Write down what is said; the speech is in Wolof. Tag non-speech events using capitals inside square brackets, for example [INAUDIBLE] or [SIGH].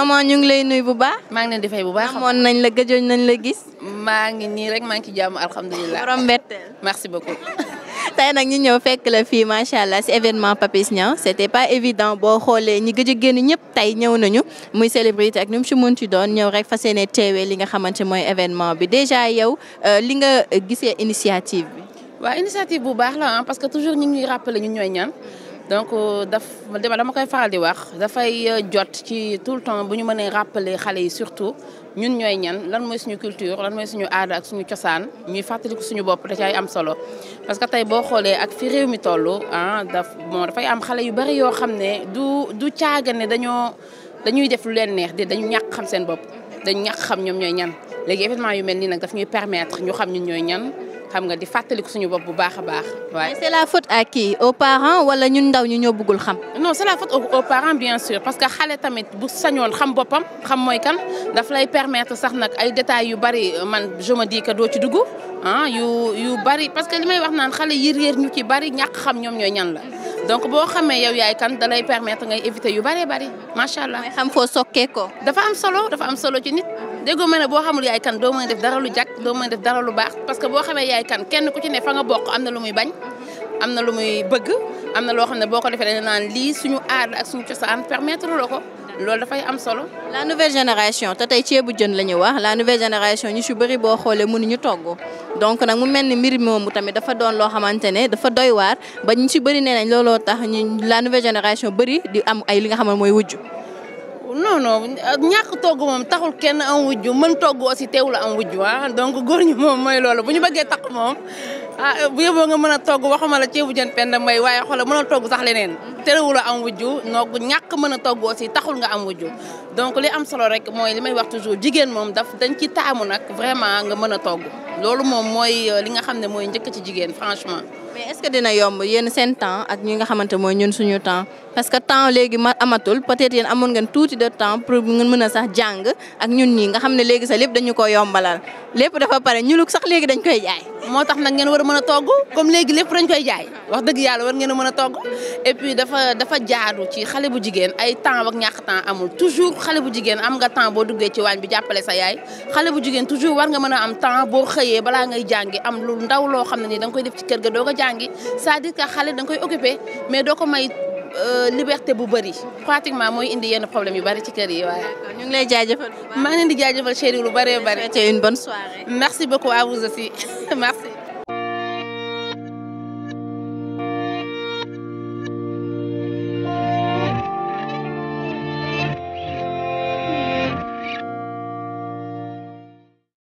maman ñu ngi lay nuyu bu baax. maa ngi leen di fay bu baax amoon nañ la nañ la gis. maa ngi nii rek maa ngi ci jàmm alhamdulilah. borom mbetteel merci beaucoup. [LAUGHS] tey nag ñu ñëw fekk la fii macha allah si événement Papis Niang c' était pas évident boo xoolee ñi gëj génn ñëpp tey ñëw nañu muy célébrité ak nu mu si mënti doon ñëw rek fa seene teewee li nga xamante mooy événement bi déjà yow euh, li nga gise initiative bi. waa initiative bu baax la ah, parce que toujours ñu ngi ñuy rappelé ñun ñooy ñaan. donc euh, daf dama koy faral di wax dafay euh, jot ci tout le temps bu ñu mënee rappeler xale yi surtout ñun ñooy ñan lan mooy suñu culture lan mooy suñu aada ak suñu cosaan ñuy fàttaliku suñu bopp da am solo. parce que tey boo xoolee ak fi réew mi toll ah daf moo dafay am xale yu bari yoo xam ne du du caaga ne dañoo dañuy def lu leen neex di dañu ñàkk xam seen bopp dañu ñàkk xam ñoom ñooy ñan. léegi événement yu mel nii nag daf ñuy permettre ñu xam ñun ñooy ñan xam nga di fàttaliku suñu bopp bu baax a baax. waaye c'est la faute à qui aux wala ñun ndaw ñu ñoo bëggul xam. no c'est la faute aux parents bien sûr parce que xale tamit bu sañoon xam boppam xam mooy kan dafa lay permettre sax nag ay détails yu bari man je me dis doo ci dugg ah yu yu bari parce que li may wax naan xale yër yër ñu ci bari ñàkk xam ñoom ñooy ñan la. donc boo xamee yow yaay kan da lay permettre ngay éviter yu bëree bari macha allah. xam foo sokkee dafa am solo dafa am solo ci nit. déggoo ma ne boo xamul yaay kan doo mën def dara lu jag doo mën a def dara lu baax parce que boo xamee yaay kan kenn ku ci ne fa nga bokk am na lu muy bañ am na lu muy bëgg am na loo xam ne boo ko defee dañu naan lii suñu aada ak suñu cosaan permettre la ko loolu dafay am solo. la nouvelle génération te tey ceebu jën la ñu wax la nouvelle génération ñu si bëri boo xoolee mënuñu togg donc nag mu mel ni mbir moomu tamit dafa doon loo xamante ne dafa doy waar ba ñu si bëri ne nañ looloo tax ñu la nouvelle génération bëri di am ay li nga xam ne mooy wujj. non non ñàkk togg moom taxul kenn am wujju mën togg aussi teewul am wujju waa ah, donc góor ñu moom mooy loolu bu ñu bëggee takk moom ah bu yeboo nga mën a togg waxuma la ceebu jën pend may waaye xoola mën a togg sax leneen terewula am wujju noog ñàkk mën a togg aussi taxul nga am wujju donc li am solo rek mooy li may wax toujours jigéen moom daf dañ ci taamu nag vraiment nga mën a togg loolu moom mooy euh, li nga xam ne mooy njëkk ci jigéen franchement mais est-ce que dina yomb yéen seen temps ak ñi nga xamante mooy ñun suñu temps parce que temps léegi ma amatul peut-être yéen amoon ngeen tuuti de temps pour ngeen mën a sax jàng ak ñun ñii nga xam ne léegi sax lépp dañu ko yombalal lépp dafa pare ñuluk sax léegi dañ koy jaay. moo tax nag ngeen war a mën a togg comme léegi lépp dañ koy jaay wax dëgg yàlla war ngeen a mën a togg et dafa dafa jaadu ci xale bu jigéen ay temps ak ñàkk temps amul toujours xale bu jigéen am nga temps boo duggee ci waañ bi jàppale sa yaay xale bu jigéen toujours war nga mën a am temps boo xëyee bala ngay jàngi am lu ndaw loo xam ne nii danga koy def ci kër ga doo ko jàngi c'est-à-dire que xale da koy occupé mais doo ko may Euh, liberté bu bëri pratiquement mooy indi yenn problème yu bëri ci kër yi waaye. ñu ngi lay jaajëfal bu baax maa leen di jaajëfal chéri lu bëree bëri. une bonne soirée. merci beaucoup à vous aussi [LAUGHS] merci.